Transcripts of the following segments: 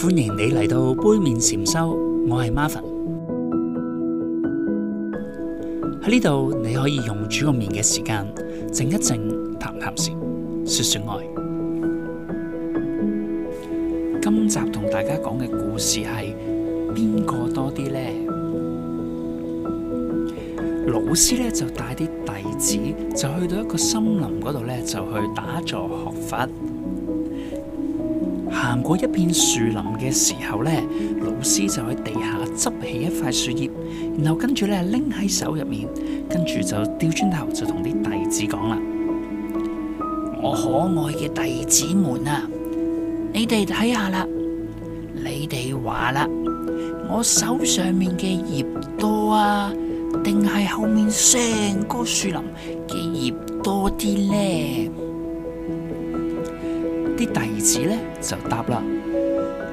歡迎你嚟到杯麵禪修，我係 Marvin。喺呢度你可以用煮個麵嘅時間靜一靜，談談事，說說愛。今集同大家講嘅故事係邊個多啲呢？老師呢，就帶啲弟子就去到一個森林嗰度呢，就去打坐學佛。行過一片樹林嘅時候呢，老師就喺地下執起一塊樹葉，然後跟住咧拎喺手入面，跟住就掉轉頭就同啲弟子講啦： 我可愛嘅弟子們啊，你哋睇下啦，你哋話啦，我手上面嘅葉多啊，定係後面成個樹林嘅葉多啲呢？」啲弟子咧，就答啦，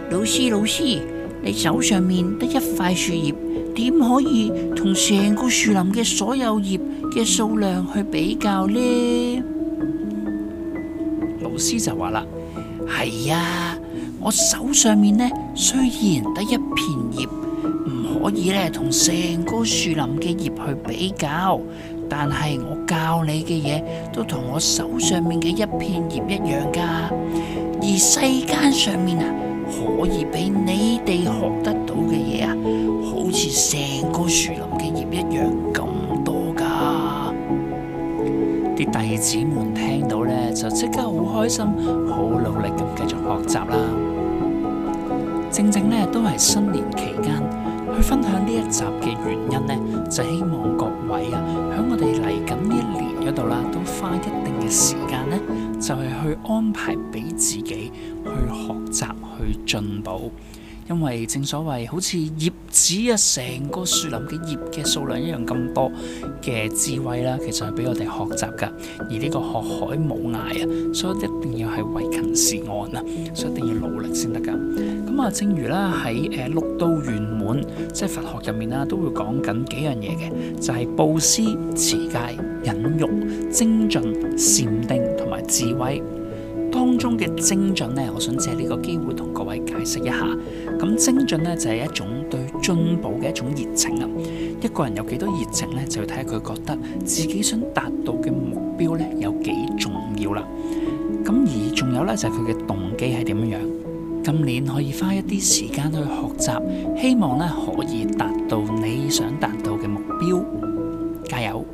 老師老師，你手上面得一塊樹葉，點可以同成個樹林嘅所有葉嘅數量去比較呢？老師就話啦，係啊，我手上面呢雖然得一片葉，唔可以咧同成個樹林嘅葉去比較。但係我教你嘅嘢都同我手上面嘅一片葉一樣噶而世間上面啊，可以俾你哋學得到嘅嘢啊，好似成個樹林嘅葉一樣咁多噶啲弟子們聽到呢，就即刻好開心，好努力咁繼續學習啦。正正呢，都係新年期間去分享呢一集嘅原因呢，就希望各位啊。喺度啦，都花一定嘅時間呢，就係去安排俾自己去學習、去進步。因為正所謂好似葉子啊，成個樹林嘅葉嘅數量一樣咁多嘅智慧啦，其實係俾我哋學習噶。而呢個學海冇涯啊，所以一定要係為勤是岸啊，所以一定要努力先得噶。咁啊，正如啦喺誒六度圓滿，即係佛學入面啦，都會講緊幾樣嘢嘅，就係、是、布施、持戒、忍辱、精進、禪定同埋智慧。當中嘅精進呢，我想借呢個機會同各位解釋一下。咁精進呢，就係一種對進步嘅一種熱情啊。一個人有幾多熱情呢，就要睇下佢覺得自己想達到嘅目標呢，有幾重要啦。咁而仲有呢，就係佢嘅動機係點樣。今年可以花一啲時間去學習，希望呢可以達到你想達到嘅目標。加油！